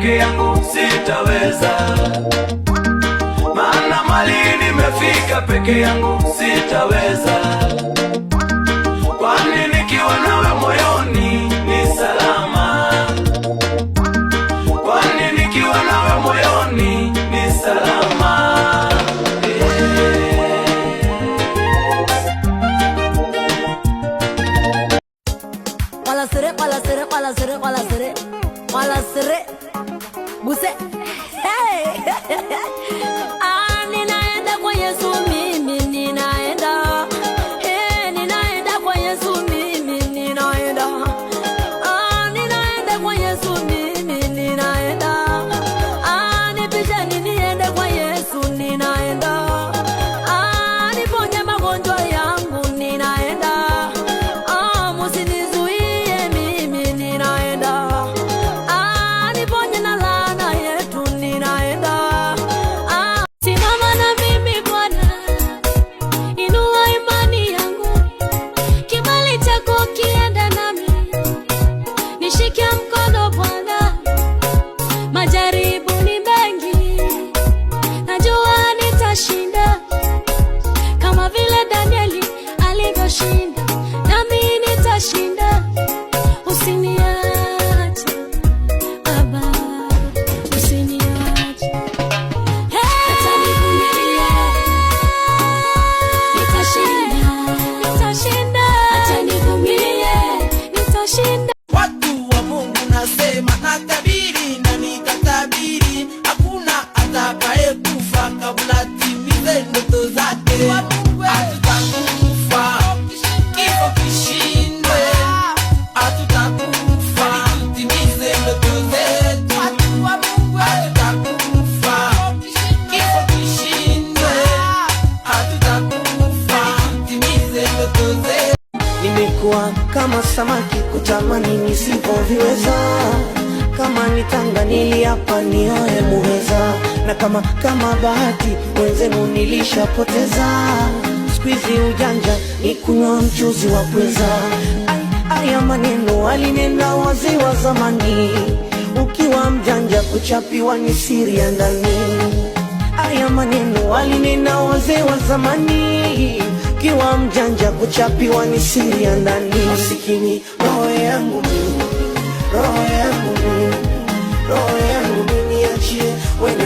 peke yangu sitaweza, maana mali nimefika peke yangu sitaweza, kwani nikiwa nawe moyoni ni salama, kwani nikiwa nawe moyoni ni salama. Walasere, walasere, walasere, walasere, walasere 不是。ningekuwa kama samaki kutamani nisipoviweza, kama nitanga niliapa nioe muweza, na kama kama bahati wenzenu nilishapoteza, sikuizi ujanja ni kunywa mchuzi wa kweza Aya, maneno alinena wazee wa zamani, ukiwa mjanja kuchapiwa ni siri ya ndani. Aya, maneno alinena wazee wa zamani ukiwa mjanja kuchapiwa ni siri ya ndani. Masikini roho yangu mimi, roho yangu mimi, roho yangu mimi, achie wewe.